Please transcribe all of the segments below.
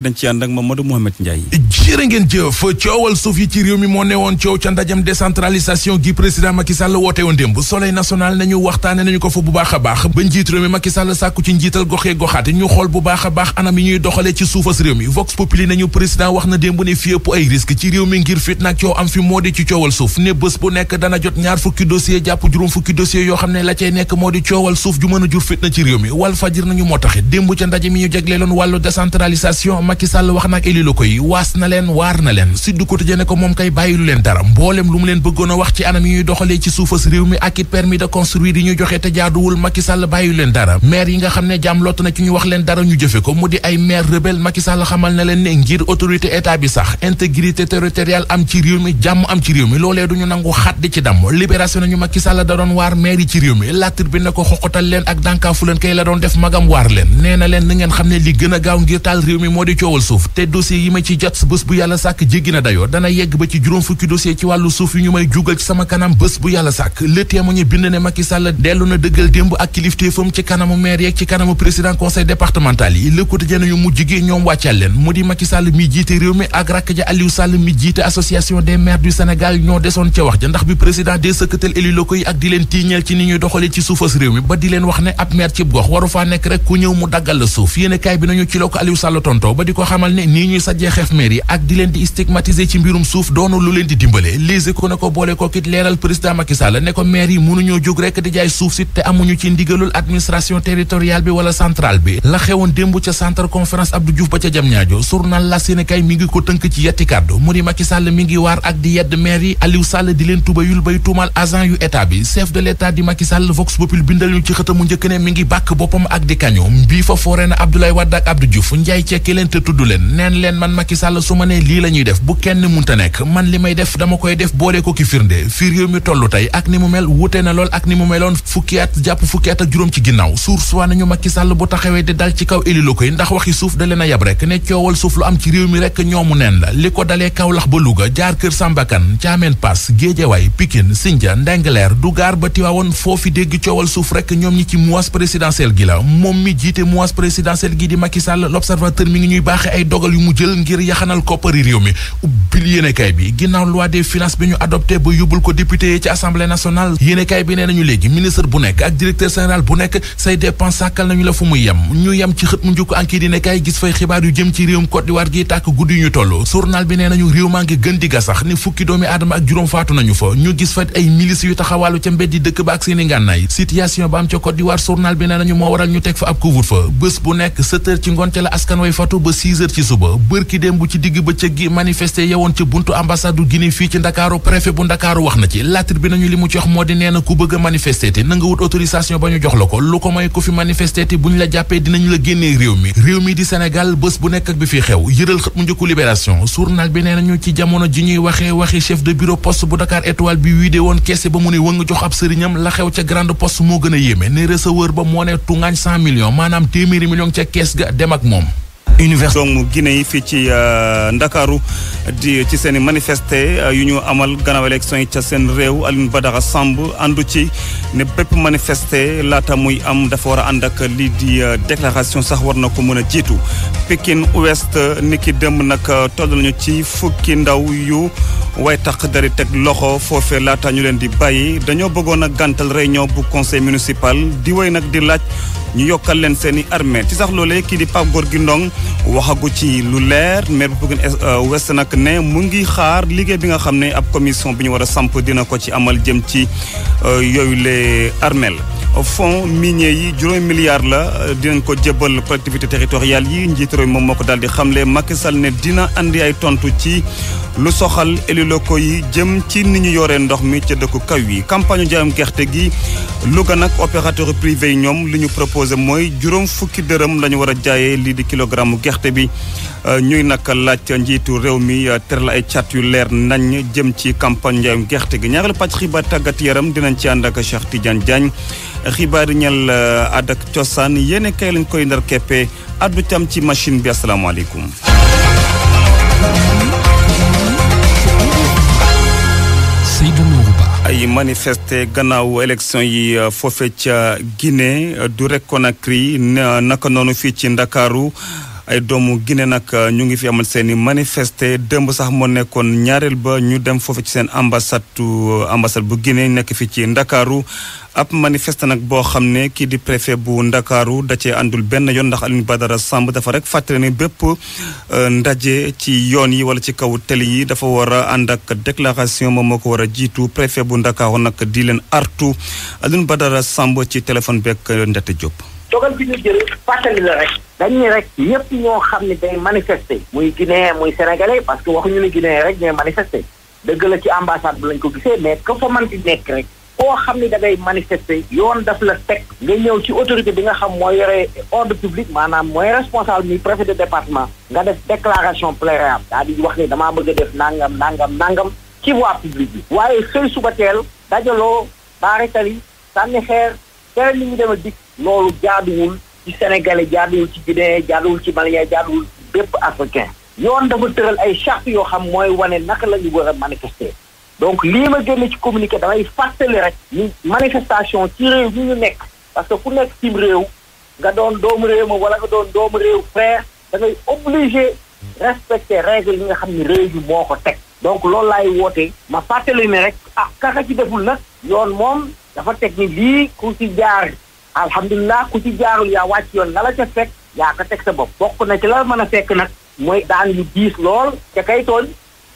dañ ci ànd ak Mamadou Mouhamed Ndiaye. mi moo ne woon coow ca ndajam décentralisation gi président Macky Sall woote woon démb soleil national nañu waxtaane nañu ko fa bu baax a baax ba njiit réew mi Macky sàkku ci njiital goxee goxaate ñu xool bu baax a baax anam yi ñuy doxalee ci suufas réew mi vox populi nañu président wax na démb ne fi ëpp ay risque ci réew mi ngir fit coow am fi moo di ci coowal suuf ne bés bu nekk dana jot ñaar fukki dossier jàpp juróom fukki dossier la cay nekk moo di coowal suuf ju a jur fit na ci réew mi wal Macky Sall wax naak éli locaux yi waas na leen waar na leen Sud Quotidien ne ko moom kay bàyyilu leen dara mboolem lu mu leen bëggoon a wax ci anam yi ñuy doxalee ci suufas réew mi ak permis de construire yi ñu joxe te jaaduwul Macky Sall bàyyilu leen dara maire yi nga xam ne jàmm lott na ci ñu wax leen dara ñu jëfe ko mu di ay maire rebelle Macky Sall xamal na leen ne ngir autorité état bi sax intégrité territoriale am ci réew mi jàmm am ci réew mi loolee a coowal suuf te dossier yi ma ci jot bés bu yàlla sàkk jéggi na dayoo dana yegg ba ci juróom fukki dossier ci wàllu suuf yu ñu may jugal ci sama kanam bés bu yàlla sàkk le témoigné bind ne Macky Sall dellu na dëggal démb ak kilifteefam ci kanamu maire yeeg ci kanamu président conseil départemental yi le quotidien yu mujj gi ñoom wàccal leen mu di Macky Sall mi jiite réew mi ak rakk ja Aliou Sall mi jiite association des maires du Sénégal ñoo desoon di ko xamal ne nii ñuy sajjee xef maire ak di leen di stigmatiser ci mbirum suuf doonu lu leen di dimbale lise ko ne ko boole ko kit leeral président Macky Sall ne ko maire yi mënuñoo jóg rek di jaay suuf si te amuñu ci ndigalul administration territoriale bi wala centrale bi la xewoon démb ca centre conférence Abdou Diouf ba ca Diamniadio journal la Sénégal mi ngi ko tënk ci yetti kàddu mu di Macky Sall mi ngi waar ak di yedd maire yi Aliou Sall di leen tubayul bay tuumal agent yu état bi chef de l'état di Macky Sall Vox Populi bindal ñu ci xëtamu njëkk ne mi ngi bàkk boppam di kañu mbii fa foore te tudd leen neen leen man Macky Sall su ma nee lii la ñuy def bu kenn munta nekk man li may def dama koy def boole firnde fi réew mi toll tey ak ni mu mel wute na lool ak ni mu meloon fukki jàpp fukki ak juróom ci ginnaaw suur suwaa nañu Macky Sall bu taxawee di dal ci kaw éli la koy ndax waxi suuf da leen a yab rek ne coowal suuf lu am ci réew mi rek ñoomu neen la li ko dalee Kaolack ba Louga jaar kër Sambakan Thiamène Pass Guédiawaye Pikine baaxe ay dogal yu mu jël ngir yaxanal koppari réew mi ubbil yéenekaay bi ginnaaw loi des finances bi ñu adopté ba yóbbul ko député yi ci assemblée nationale yéenekaay bi nee nañu léegi ministre bu nekk ak directeur général bu nekk say dépense sàkkal nañu la fu muy yem ñu yem ci xët mu njëkk enquête yéenekaay gis fay xibaar yu jëm ci réewum Côte d'Ivoire gi tàkk guddi yu ñu toll journal bi nee nañu réew maa ngi gën di gasax ni fukki doomi aadama ak ba 6 heures ci suba bërki démb ci digg bëccëg gi manifester yewoon ci buntu ambassade du fii ci ndakaaru préfet bu ndakaaru wax na ci latir bi nañu li mu ci wax moo di nee na ku bëgg a manifester te na nga wut autorisation ba ñu jox la ko lu ko may ku fi manifester te bu ñu la jàppee dinañu la génnee réew mi réew mi di Sénégal bés bu nekk ak bi fi xew yëral xët mu njëkku libération journal bi nee nañu ci jamono ji ñuy waxe waxi chef de bureau poste bu Dakar étoile bi wiide woon keese ba mu ne wëng jox ab sëriñam la xew ca grande poste moo gën a ne receveur ba moo ne tungaañ cent millions maanaam téeméeri millions ca kees université doomu Guinée yi fii ci euh, Ndakaaru di ci seen i manifesté euh, yu ñu amal gannaaw élection yi ca seen réew ba Badara Samb àndu ci ne bépp manifeste laata muy am dafa war a ànd ak lii di euh, déclaration sax war na ko mën a jiitu Pikine Ouest ni ki démb nag toll lañu ci fukki ndaw yu waaye tax dari teg loxo foofee laata ñu leen di bàyyi dañoo bëggoon a gàntal réunion bu conseil municipal di woy nag di laaj ñu yokkal leen seen i armée ci sax loolee kii di Pape Gorgui Ndong waxagu ci lu leer maire bu Pikine euh, Ouest nag ne mu ngi xaar liggéey bi nga xam ne ab commission bi ñu war a samp dina ko ci amal jëm ci euh, yooyu le armel fonds minier yi juróomi milliards la euh, dinañ ko jébal collectivité territoriale yi njiit moom moo ko daal di xamle Macky Sall ne dina andi ay tontu ci lu soxal élus yi jëm ci ni ñu yoree ndox mi ca dëkku kaw yi campagne jaayam gerte gi Louga nag opérateur privé yi ñoom li ñu proposé mooy juróom fukki dërëm la ñu war a jaayee lii di kilogramme gerte bi euh, ñuy nag laaj njiitu réew mi euh, teral ay cat yu leer nañ jëm ci campagne njaayum gerte gi ñaareelu pàcc xibaar tàggat yaram dinañ ci ànd ak Cheikh Tidiane Diagne xibaar yi ñeel aada euh, ak cosaan yéen kay lañ koy ndar keppe addu tam ci machine bi asalaamaaleykum. ay manifesté gannaaw élection yi euh, foofe ca Guinée euh, du rek Conakry naka noonu fii ci Ndakaaru ay doomu gine nag euh, ñu ngi fi amal seeni i manifester sax moo nekkoon ñaareel ba ñu dem foofu ci seen ambassade euh, ambassade bu Guinée nekk fi ci Ndakaaru ab manifeste nag boo xam ne kii di préfet bu Ndakaaru da cee àndul benn yoon ndax ba dara Samb dafa rek fàttali ne bépp euh, ndaje ci yoon yi wala ci kaw télé yi dafa war a ànd ak déclaration moom moo ko war a jiitu préfet bu Ndakaaru nag di leen artu Alioune Badara Samb ci téléphone beeg Ndete Diop. dogal bi ñu jël fàttali la rek dañuy rek ñëpp ñoo xam ne day manifester muy Guinée muy sénégalais parce que waxuñu ne Guinée rek ñooy manifester dëgg la ci ambassade bi lañ ko gisee mais que fa man di nekk rek koo xam ne da ngay yoon daf la teg nga ñëw ci autorité bi nga xam mooy yore ordre public maanaam mooy responsable muy préfet de département nga def déclaration préalable daal wax ni damaa bëgg a def nangam nangam nangam ci voie publique bi waaye xëy suba teel dajaloo baare tali sànni xeer teel ni ñu dem a dikk loolu jaaduwul ci sénégalais jaaduwul ci guinéen jaaduwul ci malien jaaduwul bépp africain yoon dafa tëral ay charte yoo xam mooy wane naka la ñu war a manifester donc lii ma génne ci communiqué damay fàttali rek ni manifestation ci réew mi ñu nekk parce que ku nekk cim réew nga doon doomu réew ma wala nga doon doomu réew frère da ngay obligé respecter règle yi nga xam ne réew mi moo ko teg donc loolu laay woote ma fàttali ni rek ah kaka ci deful nag yoon moom dafa teg ni lii ci jaar alhamdulilah ku ci jaarul yaa wàcc yoon la la ca fekk yaa ko teg sa bopp bokk na ci la mën a fekk nag mooy daan yu biis lool ca kay tooñ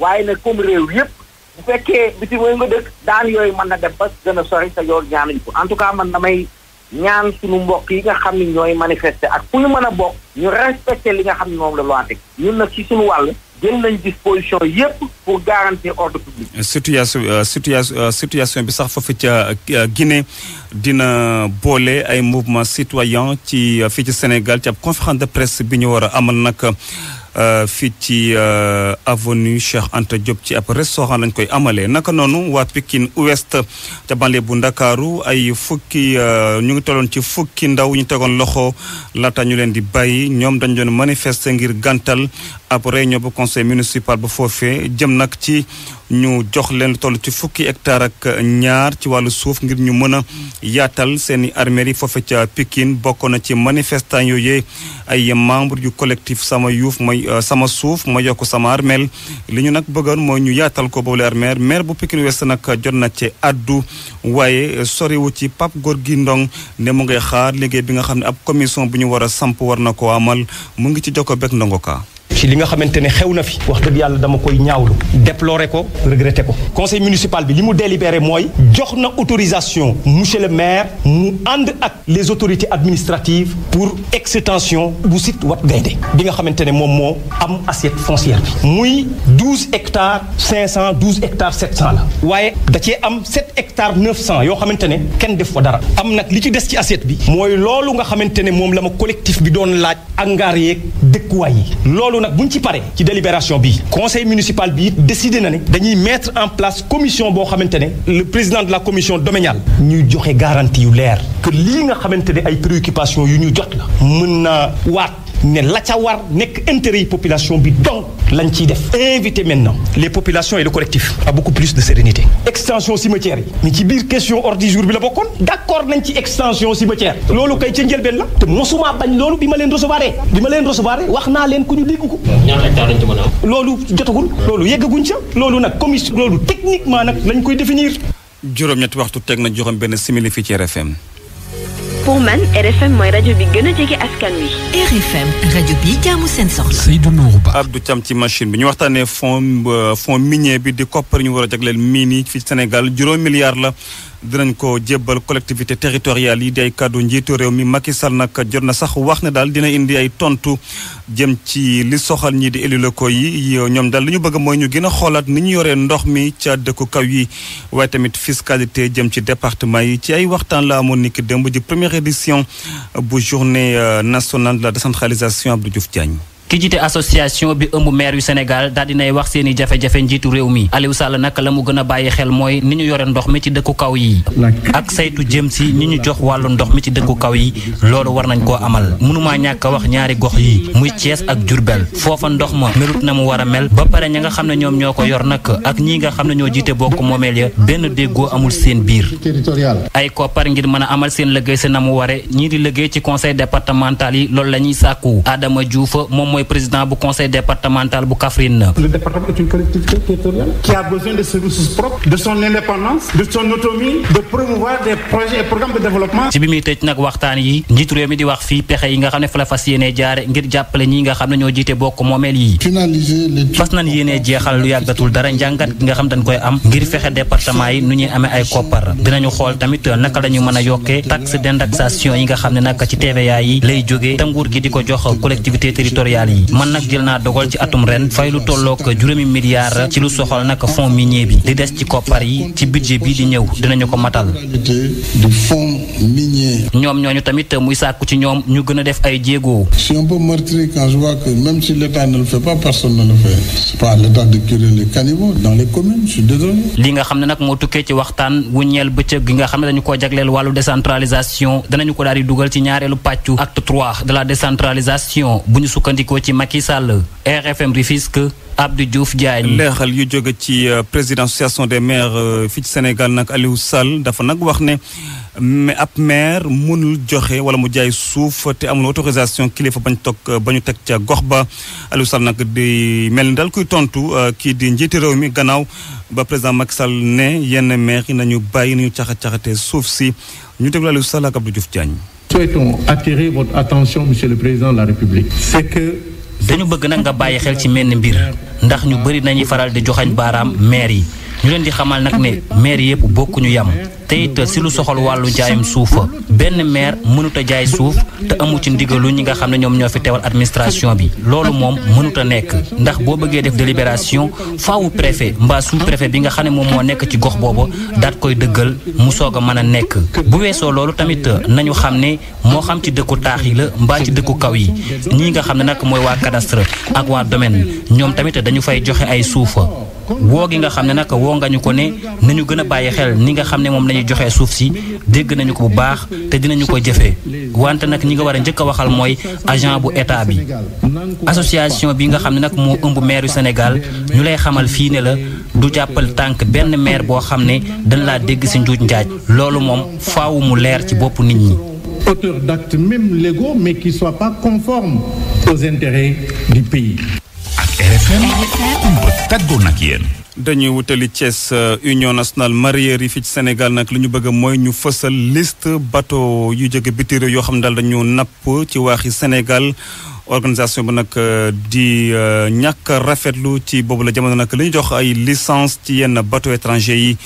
waaye nag comme réew yépp bu fekkee biti mooy nga dëkk daan yooyu mën na dem ba gën a sori sa yoon ñaanuñ ko en tout cas man may ñaan suñu mbokk yi nga xam ne ñooy manifester ak fu ñu mën a bokk ñu respecter li nga xam ne moom la loi teg ñun nag ci suñu wàll jël nañ disposition yépp pour garantir ordre public. situation euh, situation euh, situation bi sax foofu ca euh, Guinée dina boole ay mouvement citoyen ci fii ci Sénégal ci ab conférence de presse bi ñu war a amal nag. Euh, fii ci euh, avenue Cheikh ante Diop ci ab restaurant dañ koy amalee naka noonu waa Pikine uwest ca bu Ndakaaru ay fukki euh, ñu ngi tolloon ci fukki ndaw ñu tegoon loxo laata ñu leen di bàyyi ñoom dañu doon manifester ngir gàntal ab réunion bu conseil municipal ba foofee jëm nag ci ñu jox leen toll ci fukki hectare ak ñaar ci wàllu suuf ngir ñu mën a yaatal seeni armeer yi foofe ca Pikine bokk na ci manifestant yooyee ay membre yu collectif sama yuuf mooy euh, sama suuf ma yokk sama armeel li ñu nag bëggoon mooy ñu yaatal ko boobule armeer maire bu Pikine Ouest nag jot na ci addu waaye soriwu ci góor gi Ndong ne mu ngay xaar liggéey bi nga xam ne ab commission bu ñu war a samp war na ko amal mu ngi ci jokko bek ndongo ci li nga xamante ne xew na fi wax dëgg yàlla dama koy ñaawlu déplorer ko regretter ko conseil municipal bi li mu délibéré mooy jox na autorisation monsieur le maire mu ànd ak les autorités administratives pour extension bu site Wat Gaynde bi nga xamante ne moom moo am assiette foncière bi muy douze hectares cinq cent douze hectares sept cent la waaye da am sept hectares neuf cent yoo xamante ne kenn def fa dara am nag li ci des ci assiette bi mooy loolu nga xamante ne moom la ma collectif bi doon laaj angaar yeeg dëkkuwaay yi loolu nag bu buñ ci paree ci délibération bi conseil municipal bi décidé na ne dañuy mettre en place commission boo xamante ne le président de la commission domaniale ñuy joxe garantie yu leer que lii nga xamante ne ay préoccupations yu ñu jot la mën naa waat ne la ca war nekk intérêt yi population bi donc lañ ciy def invité maintenant les population et le collectif à beaucoup plus de sérénité extension cimetière yi mais ci biir question ordre du jour bi la bokkoon d'accord nañ ci extension cimetière loolu kay ca njëlbeen la te mosumaa bañ loolu bi ma leen recevoir bi ma leen recevoir wax naa leen ku ñu dégg loolu jotagul loolu yeggaguñ ca loolu nag commission loolu techniquement nag lañ koy définir juróom-ñetti waxtu teg na benn simili fii ci pour man RFM rajo bi gën a jege askan wi. RFM rajo bi jaamu seen soxla. Seydou Nourou Ba. Abdou Thiam ci machine bi ñu waxtaanee fond euh, fond minier bi di koppar ñu war a jagleel miin yi fii Sénégal juróom milliard la. dinañ ko jébbal collectivité territoriale yi di ay kàddu njiitu réew mi Macky Sall nag jot na sax wax ne daal dina indi ay tontu jëm ci li soxal ñi di élu yi ñoom daal li ñu bëgg mooy ñu gën a xoolaat ni ñu yoree ndox mi ca dëkku kaw yi waaye tamit fiscalité jëm ci département yi ci ay waxtaan la amoon niki démb ji première édition bu journée euh, nationale de la décentralisation Abdou Diouf Diagne ki jiite association bi ëmb maire yu Sénégal daal dinay wax seen jafe-jafe njiitu réew mi Aliou Sall la mu gën a bàyyi xel mooy ni ñu yore ndox mi ci dëkku kaw yi ak saytu jëm si ñi ñu jox wàllu ndox mi ci dëkku kaw yi loolu war nañ koo amal mënumaa ñàkk wax ñaari gox yi muy cees ak Diourbel foofa ndox ma melut na mu war a mel ba pare ña nga xam ne ñoom ñoo ko yor nag ak ñii nga xam ne ñoo jiite bokk moomeel ya benn déggoo amul seen biir ay koppar a amal seen liggéey la ñuy sàkku Adama Diouf mooy président bu conseil départemental bu Kaffrine. le a ci bi muy tëj nag waxtaan yi njiitu réew di wax fii pexe yi nga xam ne fa la fas yéenee jaare ngir jàppale ñi nga xam ne ñoo jiite bokk moomeel yi. fas nañ yéenee jeexal lu yàggatul dara njàngat gi nga xam dañ koy am ngir fexe département yi nu ñuy amee ay koppar dinañu xool tamit naka la ñu mën a yokkee taxe d'indexation yi nga xam ne nag ci TVA yi lay jógee te gi di ko jox collectivité territoriale yi man nag jël naa dogal ci atum ren fay lu tollook juróomi milliards ci lu soxal nag fonds minier bi di des ci koppar yi ci budget bi di ñëw dinañu ko matal ñoom ñooñu tamit muy sàkku ci ñoom ñu gën a def ay jéego. je suis un peu meurtri quand je vois que même si l'État ne le fait pas personne ne le fait li nga xam ne nag moo tukkee ci waxtaan wu ñeel bëccëg gi nga xam ne dañu koo jagleel wàllu décentralisation danañu ko daal di dugal ci ñaareelu pàccu acte trois de la décentralisation bu ñu sukkandiku ko ci Macky Sall RFM Rufisque Abdou Diouf Diagne. leexal yu jóge ci euh, président association des maire euh, fii ci Sénégal nag Aliou Sall dafa nag wax ne mais ab maire mënul joxe wala mu jaay suuf te amul autorisation kilifa bañ toog euh, ba ñu teg ca gox ba Aliou Sall nag di mel ni daal kuy tontu kii di njiiti réew mi gannaaw ba président Macky Sall ne yenn maire yi nañu bàyyi nañu caxat caxatee suuf si ñu déglu Aliou Sall ak Abdou Diouf Diagne. souhaitons attirer votre attention monsieur le président de la république c'est que dañu bëgg nag nga bàyyi xel ci menn mbir ndax ñu bëri nañuy faral di joxañ baaraam maire yi ñu leen di xamal nag ne maire yëpp bokkuñu yam te it si lu soxal wàllu jaayam suuf benn maire mënut a jaay suuf te amu ci ndigalu ñi nga xam ne ñoom ñoo fi teewal administration bi loolu moom mënut nekk ndax boo bëggee def délibération faawu préfet mbaa sous préfet bi nga xam ne moom moo nekk ci gox boobu daat koy dëggal mu soog a mën a nekk bu weesoo loolu tamit nañu xam ne moo xam ci dëkku taax yi la mbaa ci dëkku kaw yi ñii nga xam ne nag mooy waa cadastre ak waa domaine ñoom tamit dañu fay joxe ay suufa woo gi nga xam ne nag woo nga ñu ko ne nañu gën a bàyyi xel ni nga xam ne moom lañuy joxe suuf si dégg nañu ko bu baax te dinañu ko jëfee wante nag ñi nga war a njëkk a waxal mooy agent bu état bi. association bi nga xam ne nag moo ëmb maire yu Sénégal ñu lay xamal fii ne la du jàppal tànk benn maire boo xam ne dañ laa dégg si njuuj njaaj loolu moom faaw mu leer ci boppu nit ñi. auteur d'actes même légaux mais qui soient pas conformes aux intérêts du RFM kumba tàggoo nag yéen dañuy wutali Thiès euh, Union nationale mareyeur yi fii ci Sénégal nag li ñu bëgg mooy ñu fësal liste bateau yu jóge biti yoo xam ne daal dañu napp ci waaxi Sénégal organisation ba nag euh, di euh, ñàkk rafetlu ci boobu la jamono nag li ñu jox ay licence ci yenn bateau étranger yi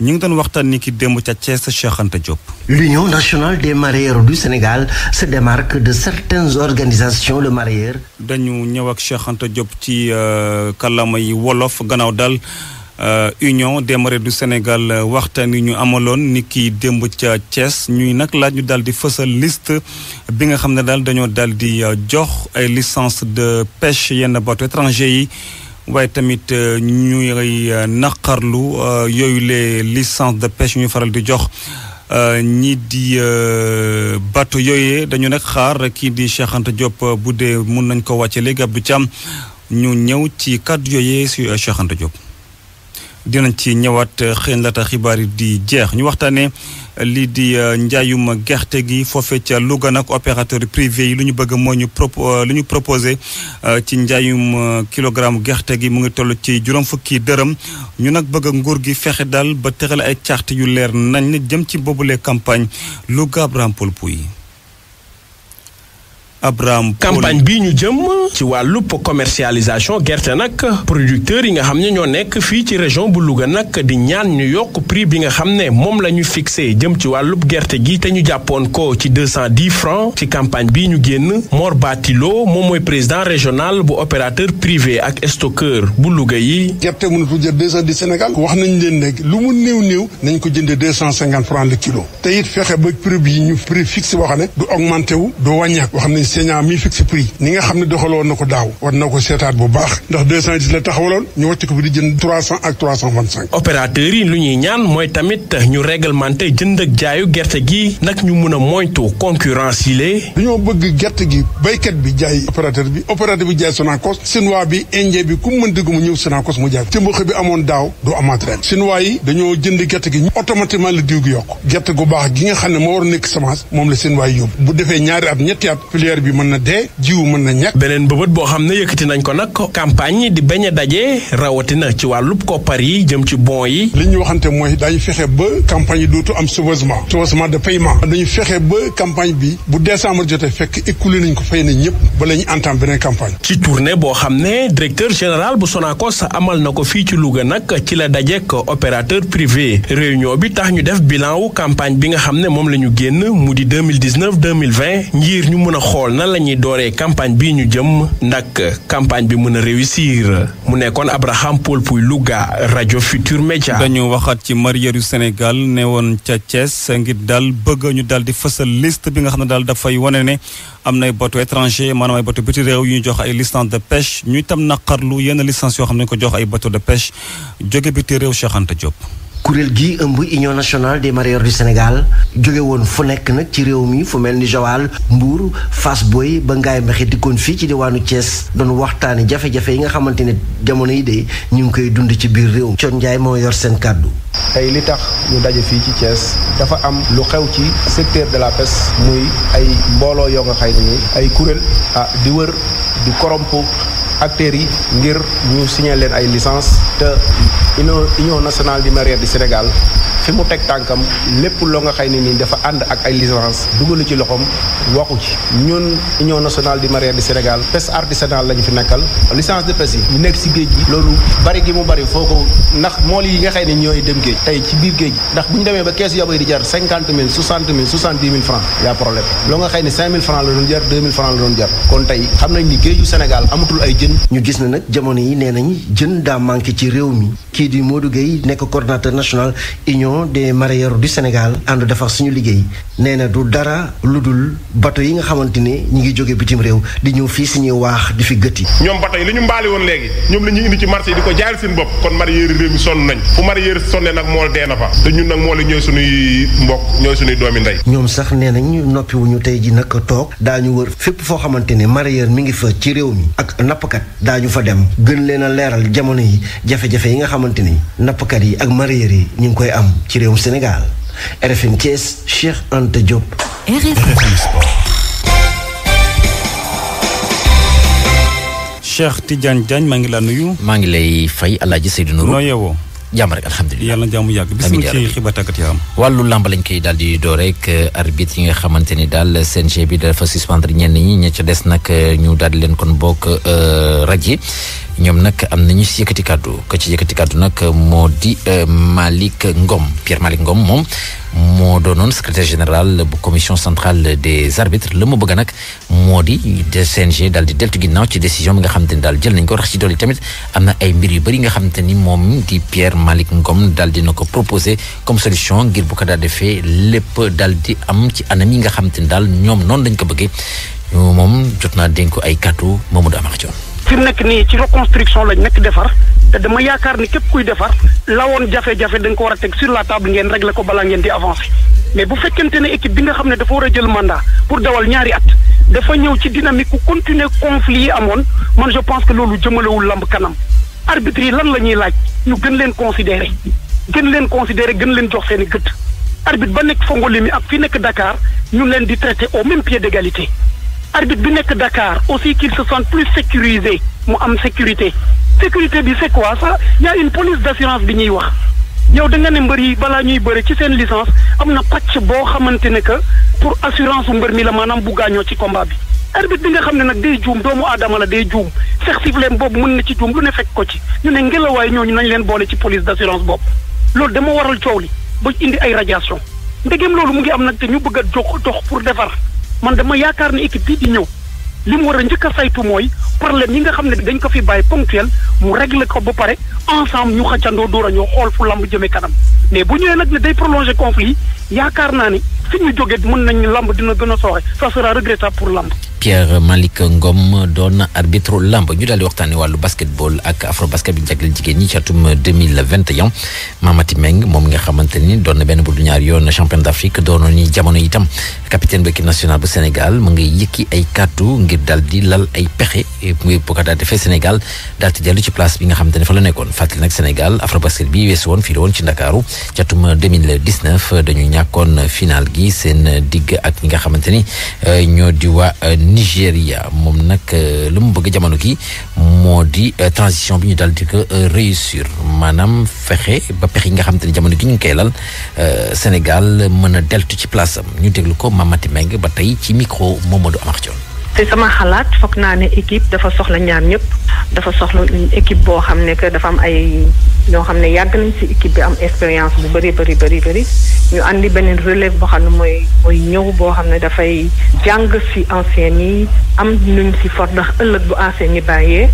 ñu ngi doon waxtaan ni ki démb ca Thiès Cheikh Anta Diop. L'Union nationale des mareyeurs du Sénégal se démarque de certaines organisations de mareyeurs. dañu ñëw ak Cheikh Anta Diop ci euh, kàllaama yi wolof gannaaw daal. Euh, Union des Maires du Sénégal euh, waxtaan wi ñu amaloon ni ki démb ca cees ñuy nag laaj ñu daal di fësal liste bi nga xam ne daal dañoo daal di euh, jox ay licence de pêche yenn bateau étranger yi waaye tamit ñuy naqarlu yooyu les licences de pêche ñu faral di jox ñii di bateau yooyee dañu nag xaar kii di Cheikh Anta Diop bu dee mun nañ ko wàcce léegi Abdou Thiam ñu ñëw ci kàddu yooyee si Cheikh Anta dinañ ci ñëwaat euh, xëy na laata xibaar yi di jeex ñu waxtaanee euh, lii di euh, njaayum gerte gi foofe ca Louga nag opérateur privé yi lu ñu bëgg moo ñu propo lu ñu proposé ci njaayum kilogramme gerte gi mu ngi toll ci juróom fukki dërëm ñu nag bëgg nguur gi fexe daal ba tëral ay carte yu leer nañ jëm ci boobule campagne Louga Brampol yi Abraham campagne bii ñu jëm ci wàllub commercialisation gerte nag producteurs yi nga xam ne ñoo nekk fii ci région bu Louga nag di ñaan ñu yokk prix bi nga xam ne moom la ñu fixé jëm ci wàllub gerte gi te ñu jàppoon ko ci deux cent dix francs ci campagne bii ñu génn Mor Batilo moom mooy président régional bu opérateur privé ak stockeur bu Louga yi. gerte mënatul jël deux Sénégal wax nañ leen ne lu mu néew néew nañ ko jënde deux cent cinquante francs le kilo te it fexe ba prix bi ñu prix fixe boo xam ne du augmenté enseignant mi fixe prix ni nga xam ne doxaloon na ko daaw war na ko seetaat bu baax ndax deux la taxawaloon ñu wàcc ko bi di jënd trois cent ak trois yi lu ñuy ñaan mooy tamit ñu réglementé jënd ak jaayu gerte gi nag ñu mun a concurrence yi lee dañoo bëgg gerte gi béykat bi jaay opérateur bi opérateur bi jaay Sonacos Sinwaa bi Indien bi ku mu mën dëgg mu ñëw Sonacos mu jaay cëmbax bi amoon daaw du amaat ren Sinwaa yi dañoo jënd gerte gi automatiquement gu baax gi nga xam moo war a nekk semence la Sinwaa yi bi mën na dee jiwu mën na ñàkk beneen bëbët boo xam ne yëkkati nañ ko nag campagne di bañ a daje rawatina ci wàllub koppar yi jëm ci bon yi li ñu waxante mooy daañu fexe ba campagne dootu am soubassement soubassement de paiement dañu fexe ba campagne bi bu décembre jotee fekk écoulé nañ ko fay nañ ñëpp ba la ñu entam beneen campagne ci tournée boo xam ne directeur général bu Sonacos amal na ko fii ci Louga nag ci la dajek opérateur privé réunion bi tax ñu def bilan wu campagne bi nga xam ne moom la ñu génn mu di 2019 2020 ngir ñu mën a xool nan la ñuy dooree campagne bi ñu jëm ndax campagne bi mën a réussir mu nekkoon Abraham Paul Pouy Louga rajo Futur Média. dañu waxaat ci mareyeur yu Sénégal ne woon ca Thiès ngir daal bëgg ñu daal di fësal liste bi nga xam ne daal dafay wane ne am na ay bateau étranger maanaam ay bateau biti réew yu jox ay licence de pêche ñu itam naqarlu yenn licence yoo xam ne ko jox ay boto de pêche jóge biti réew Cheikh Anta Diop. kuréel gii ëmb union nationale des mareyeurs du Sénégal jóge woon fu nekk nag ci réew mi fu mel ni Joal mbuur Fass booy ba Ngaye Mekhe dikkoon fii ci diwaanu cees doon waxtaani jafe-jafe yi nga xamante ne jamono yi de ñu ngi koy dund ci biir réew mi. Thion Ndiaye moo yor seen kàddu. tey li tax ñu daje fii ci Thiès dafa am lu xew ci secteur de la pêche muy ay mbooloo yoo nga xay ay kuréel ah di wër di korompo acteurs yi ngir ñu signer leen ay licence te union union nationale des maires du Sénégal fi mu teg tànkam lépp loo nga xëy ne nii dafa ànd ak ay licence dugalu ci loxoom waxu ci ñun union nationale du marin du Sénégal pêche artisanale lañu fi nekkal licence de pêche yi nekk si géej gi loolu bari gi mu bari foo ko ndax yi nga xëy ne ñooy dem géej tey ci biir géej ndax bu ñu demee ba keesu yabay di jar cinquante mille soixante mille soixante dix mille francs yaa problème loo nga xëy ne cinq mille francs la doon jar francs la doon jar kon tey xam nañ ni géeju Sénégal amatul ay jën ñu gis na nag jamono yi nee nañ jën daa manqué ci réew mi kii di moo Modou Gueye nekk coordinateur national union association des mareyeurs du Sénégal ànd defar suñu liggéey nee na du dara lu dul bato yi nga xamante ne ñu ngi jóge bitim réew di ñëw fii suñuy waax di fi yi ñoom bato yi li ñu mbaale woon léegi ñoom la ñuy indi ci marché yi di ko jaayal seen bopp kon mareyeurs yi réew mi sonn nañ fu mareyeur sonne nag mool dee na fa te ñun nag mool yi ñooy suñuy mbokk ñooy suñuy doomi ndey ñoom sax nee nañ noppi tey ji nag toog daañu wër fépp foo xamante ne mareyeur mi ngi fa ci réew mi ak nappkat daañu fa dem gën leen a leeral jamono yi jafe yi nga xamante ni nappkat yi ak mareyeur yi ñu ngi koy am ci réewum Sénégal RFM Thiès Cheikh Anta Diop. RFM Sport. Cheikh Tidiane maa ngi laa nuyu. maa ngi lay fay El Hadj Seydou Nourou. noo yeewoo. jàmm rek alhamdulilah yàlla na jàmm yàgg. amiin ci xibaar tàggat yaram. wàllu làmb lañ koy daal di door rek euh, arbitre yi nga xamante ni daal seen CNG bi dafa suspendre ñenn ñi ña ca des nag euh, ñu daal di leen kon bokk euh, ràjji. ñoom nag am nañu si yëkkati kàddu ka ci yëkkati kàddu nag moo di euh, Malick ngoom Pierre Malick ngoom moom moo doonoon secrétaire général bu commission centrale des arbitres la mu bëgg nag moo di CNG dal di deltu ginnaaw ci décision bi nga xamante ni daal jël nañ ko rax ci dolli tamit am na ay mbir yu bëri nga xamante ni moom di Pierre Malick Ngom daal dina ko proposé comme solution ngir bu ko daal defee lépp dal di am ci anam yi nga xamante ni daal ñoom noonu lañ ko bëggee moom jot naa dénk ay kàddu Mamadou Amar fi mu nii ci reconstruction lañ nekk defar te dama yaakaar ni képp kuy defar lawoon jafe-jafe dañ ko war a teg sur la table ngeen régler ko balaa ngeen di avancer mais bu fekkente ne équipe bi nga xam ne dafa war a jël mandat pour dawal ñaari at dafa ñëw ci dynamique ku continuer conflit yi amoon man je pense que loolu jëmalewul lamb kanam arbitre yi lan la ñuy laaj ñu gën leen considérer gën leen considérer gën leen jox seen i gëdd arbitre ba nekk Fongolimi ak fi nekk Dakar ñu leen di traiter au même pied d'égalité arbitre bi nekk dakaar aussi qu'il se sente plus sécurisé mu am sécurité sécurité bi c'est quoi ça y a une police d'assurance bi ñuy wax yow da nga ne mbër yi balaa ñuy bëre ci seen licence am na pàcc boo xamante ne que pour assurance mbër mi la maanaam bu gaañoo ci combat bi arbitre bi nga xam ne nag day juum doomu aadama la day juum sex leen boobu mën na ci juum lu ne fekk ko ci ñu ne ngelawaay ñooñu nañ leen boole ci police d'assurance boobu loolu dama waral coow li ba indi ay radiation ndegem loolu mu ngi am nag ñu bëgg a jox dox pour defar man dama yaakaar ne équipe bii di ñëw li mu war a njëkk a saytu mooy problème yi nga xam ne dañ ko fi bàyyi ponctuel mu régler ko ba pare ensemble ñu xëccandoo door a ñoo xool fu lamb jëmee kanam mais bu ñëwee nag ne day prolonger conflit yi yaakaar naa ni fi ñu jógee mën nañu lamb dina gën a sooxe ça sera regrettable pour lamb. Pierre Malick Ngom doon arbitre lamb ñu daal di wàllu basketball ak afro basket bi ñu jagleel jigéen ñi ci atum 2021 Meng moom nga xamante ni benn bu ñaar yoon champion d'Afrique doonoon ni jamono itam capitaine bu équipe nationale bu Sénégal mu ngi yëkki ay kàddu ngir daal lal ay pexe muy bu ko defee Sénégal daal di dellu ci place bi nga xamante fa la nekkoon fàttali nag Sénégal afro basket bi weesu woon fii la woon ci Ndakaaru Nigéria moom nag euh, lu mu bëgg jamono gi moo di euh, transition bi ñu daal di ko euh, réussir maanaam fexe ba pexe yi nga xam te ne jamono gi ñu ngi koy lal Sénégal mën a deltu ci place am ñu déglu ko Mamati Meng ba tey ci micro moom Mamadou Amar Dione si sama xalaat foog naa ne équipe dafa soxla ñaar ñëpp dafa soxla équipe boo xam ne que dafa am ay ñoo xam ne yàgg nañ si équipe bi am expérience bu bëri bari bëri bëri ñu andi beneen relève boo xam ne mooy mooy ñëw boo xam ne dafay jàng si anciens yi am nuñ si for ndax ëllëg bu anciens yi bàyyee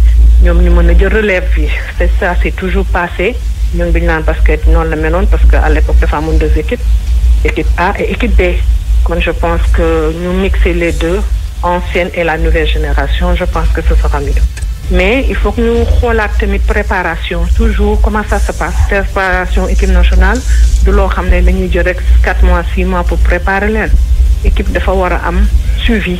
ñoom ñu mën a jël relève bi c'est ça c'est toujours passé ñun bi ñu naan basket noonu la meloon parce que à l'époque dafa amoon deux équipes équipe A et kon je pense que ñu mixer les deux. ancienne et la nouvelle génération je pense que ce sera mieux mais il faut que xoolaat tamit préparation toujours comment ça se passe préparation équipe nationale du loo xam ne dañuy jël rek quatre mois six mois pour préparer leen équipe dafa war a am suivi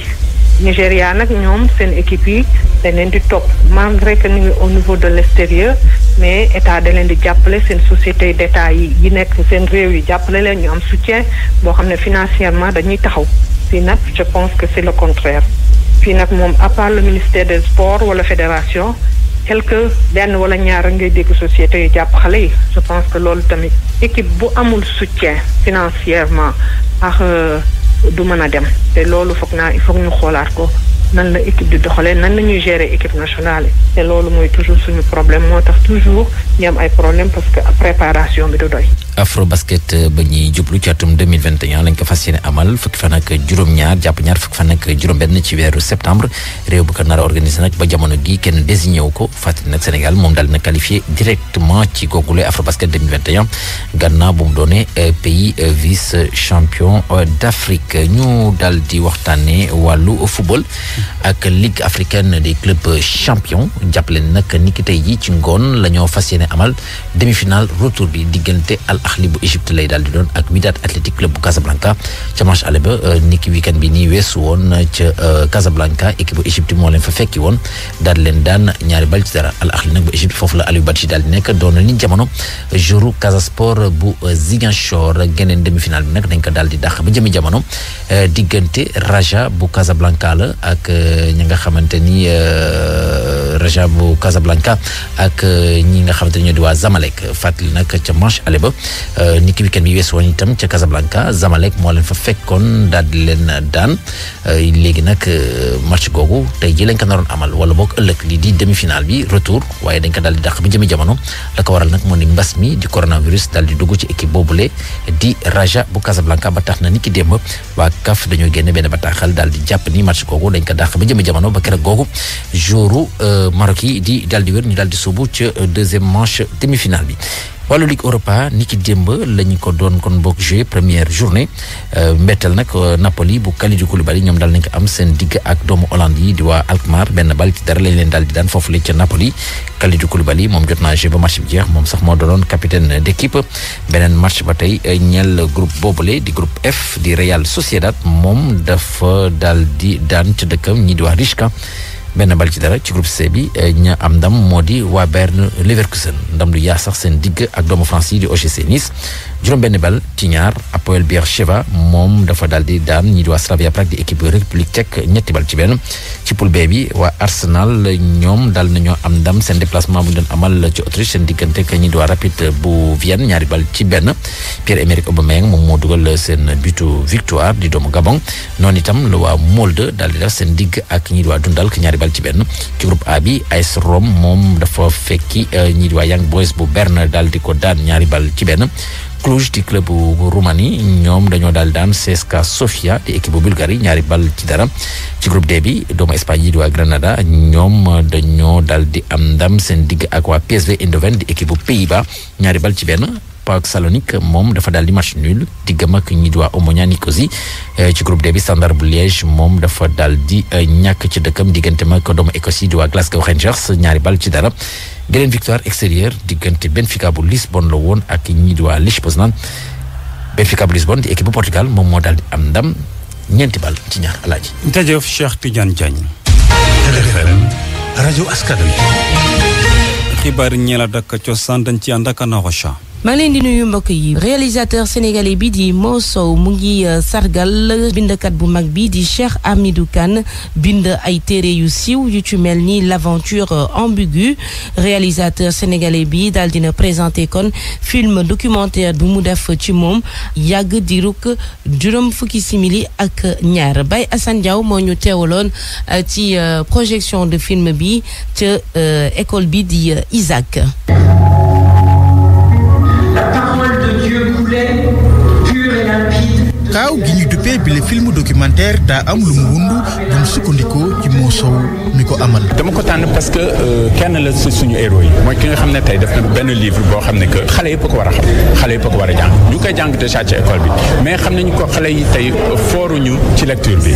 Nigéria nag ñoom seen équipe yi dañ leen di topp malgré que ñu au niveau de l'extérieur mais état de leen di jàppale seen société d'état yi yi nekk seen réew yi jàppale leen ñu am soutien boo xam ne financièrement dañuy taxaw fii nag je pense que c'est le contraire fii nag moom à le ministère des sports wala fédération quelque benn wala ñaar a ngay dégg société yu jàpp xale yi je pense que loolu tamit équipe bu amul soutien financièrement ax ah, euh, du mën a dem te loolu foog naa il faut ñu xoolaat ko nan la équipe di doxalee nan la ñuy gérer équipe nationale yi te loolu mooy toujours suñu problème moo tax toujours ñu am ay problème parce que préparation bi du doy afro basket euh, ba ñuy jublu ci atum 2021 lañ ko fas yéene amal fukki fan ak juróom-ñaar jàpp ñaar fukki fan ak juróom-benn ci weeru septembre réew bu ko nar a organisé nag ba jamono gi kenn désigné ko fàttali nag Sénégal moom daal na qualifié directement ci googule afro basket gannaaw bu mu doonee euh, pays euh, vice champion d'Afrique ñu daal di waxtaanee wàllu football ak ligue africaine des clubs champions jàppale nag ni ki tey ji ci ngoon lañoo fas yéene amal Al Ahli bu Égypte lay daal di doon ak Wydad Athletic Club bu Casablanca ca match aller ba euh, niki weekend bi nii weesu woon ca euh, Casablanca équipe bu Égypte moo leen fa fekki woon daal leen daan ñaari bal ci dara Al Ahli nag bu Égypte foofu la Aliou Badji daal di nekk doon na ni jamono jouru Casasport bu euh, Ziguinchor geneen demi-finale bi nag dañ ko daal di dax ba jëmi jamono diggante Raja bu Casablanca la ak ñi nga xamante ni Raja bu Casablanca ak ñi nga xamante ni ñoo waa Zamalek fàttali nag ca match aller ba Euh, ni ki weekend bi weesu woon itam ca Casablanca Zamalek moo leen fa fekkoon daal di leen daan euh, léegi nag euh, match googu tey ji lañ ko naroon amal wala boog ëllëg lii di demi-finale bi retour waaye dañ ko daal di dàq bi jamono la ko nag moo ni mbas mi di coronavirus daal di dugg ci équipe boobule di Raja bu Casablanca ba tax na ni ki démb waa CAF dañoo génne benn bataaxal daal di jàpp ni match googu dañ ko dàq ba jëmi jamono ba keroog googu jouru Maroc yi di daal di wér ñu daal di suubu ca deuxième manche demi-finale bi wàllu Ligue Europa ni ki démb la ñu ko doon kon bokk joué première journée euh, mbetteel nag euh, Napoli bu Kalidou Koulibaly ñoom daal nañ ko am seen digg ak doomu Hollande yi di waa Alkmaar benn bal ci dara lañ leen daal di daan foofu la ca Napoli Kalidou Koulibaly moom jot naa joué ba match bi jeex moom sax moo doonoon capitaine d'équipe beneen match ba tey euh, ñeel groupe boobule di groupe F di Real Sociedad moom dafa daal di daan ca dëkkam ñi di waa Rijeka benn bal ci dara ci groupe C bi eh, ña am ndam moo di waa Bayern Leverkusen ndam du yaa sax seen digg ak doomu France yi di OGC Nice juróom benn bal ci ñaar Apoel Beersheva moom dafa daal di daan ñi di waa Slavia Prague di équipe république tchèque ñetti bal ci benn ci poule B bi waa Arsenal ñoom daal nañoo am ndam seen déplacement bu ñu doon amal ci Autriche seen diggante ak ñi di waa Rapid bu Vienne ñaari bal ci benn Pierre-Emerick Aubameyang moom moo dugal seen butu victoire di doomu Gabon noonu itam la waa Molde daal di def seen digg ak ñi di waa Dundalk ñaari bal ci benn ci groupe A bi AS moom dafa fekki euh, ñi di waa Young Boys bu Berne daal di ko daan ñaari bal ci benn Cluj di club bu Roumanie ñoom dañoo daal daan CSKA Sofia di équipe bu ñaari bal ci dara ci groupe D bi doomu Espagne yi di waa Granada ñoom dañoo daal di am ndam seen digg ak waa PSV Eindhoven di équipe bu ñaari bal ci benn PAOK Salonique moom dafa daal di match nul diggam ak ñi di waa Omonia Nicosie eh, ci groupe D bi bu Liège moom dafa daal di eh, ñàkk ci dëkkam digganteem ak doomu Écosse yi di waa Glasgow Rangers ñaari bal ci dara geneen victoire extérieure diggante Benfica bu Lisbonne la woon ak ñii di waa Lech Poznan Benfica bu Lisbonne di équipe bu Portugal moom moo daal di am ndam ñeenti bal ci ñaar alaaji. jërëjëf Cheikh Tidiane Diagne. RFM rajo askan wi. xibaar ñeel a dakk cosaan dañ ci ànd ak maa ngi leen di nuyu mbokk yi réalisateur sénégalais bi di Mo Sow mu ngi euh, sargal bindkat bu mag bi di Cheikh du Kane bind ay téere yu siiw yu ci mel ni l'aventure euh, ambiguë réalisateur sénégalais bi daal dina présenté kon film documentaire bi mu def ci moom yàgg di rukk juróom fukki simili ak ñaar bay Assane Diaw moo ñu teewaloon euh, ci projection de film bi ca école bi di Isaac gaaw gi ñu jàppee bi le film documentaire daa am lu mu wund bu mu sukkandikoo ci moo sow mi ko amal. dama ko tànn parce que euh, kenn la si suñu héros yi mooy ki nga xam ne tey def na benn livre boo xam ne que xale yëpp ko war a xam xale yëpp ko war a jàng ñu koy jàng déjà ci école bi mais xam nañu ko xale yi tey fooruñu ci lecture bi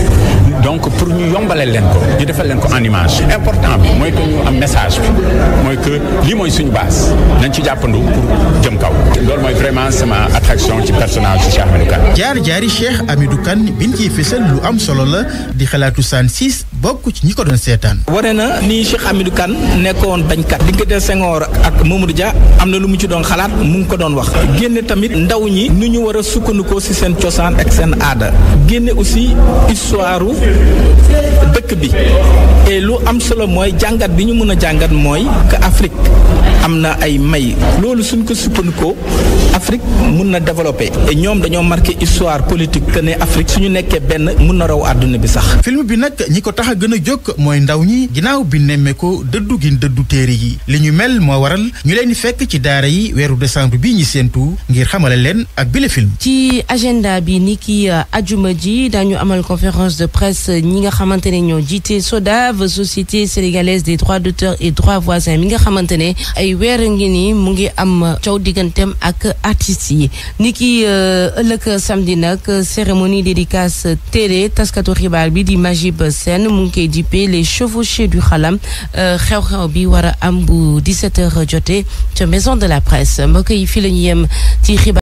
donc pour ñu yombalal leen ko ñu defal leen ko en image important bi mooy que ñu am message bi mooy que lii mooy suñu baas nañ ci jàppandu pour jëm kaw loolu mooy vraiment sama attraction ci personnage melokaan biñ ciy fësal lu am solo la di xalaatu saan siis bokk ci ñi ko doon seetaan. ware na ni Cheikh Hamidou Kane nekkoon bañkat diggante Senghor ak Mamadou ja am na lu mu ci doon xalaat mu ngi ko doon wax génne tamit ndaw ñi nu ñu war a sukkandikoo si seen cosaan ak seen aada génne aussi histoire dëkk bi et lu am solo mooy jàngat bi ñu mën a jàngat mooy que Afrique. am na ay may loolu suñ ko sukkandikoo Afrique mun na développer et ñoom dañoo marqué histoire politique que ne Afrique suñu nekkee benn mun na raw àdduna bi sax. film bi nag ñi ko tax a gën a jóg mooy ndaw ñi ginnaaw bi nemmee ko dëddu gi dëddu téere yi li ñu mel moo waral ñu leen di fekk ci daara yi weeru décembre bi ñu séentu ngir xamale leen ak bile film. ci agenda bi ni ki euh, ajuma ji dañu amal conférence de presse ñi nga xamante ne ñoo jiite SODAV société sénégalaise des droits nga xamante ne ay ay weer ngi nii mu ngi am coow digganteem ak artistes yi ni ki euh, ëllëg samedi nag cérémonie dédicace téere taskatu xibaar bi di Majib Sène mu ngi koy dippee les chevauchés du xalam euh, xew-xew bi war a am bu 17 heures jotee ca maison de la presse mbokk yi fii yem ci xibaar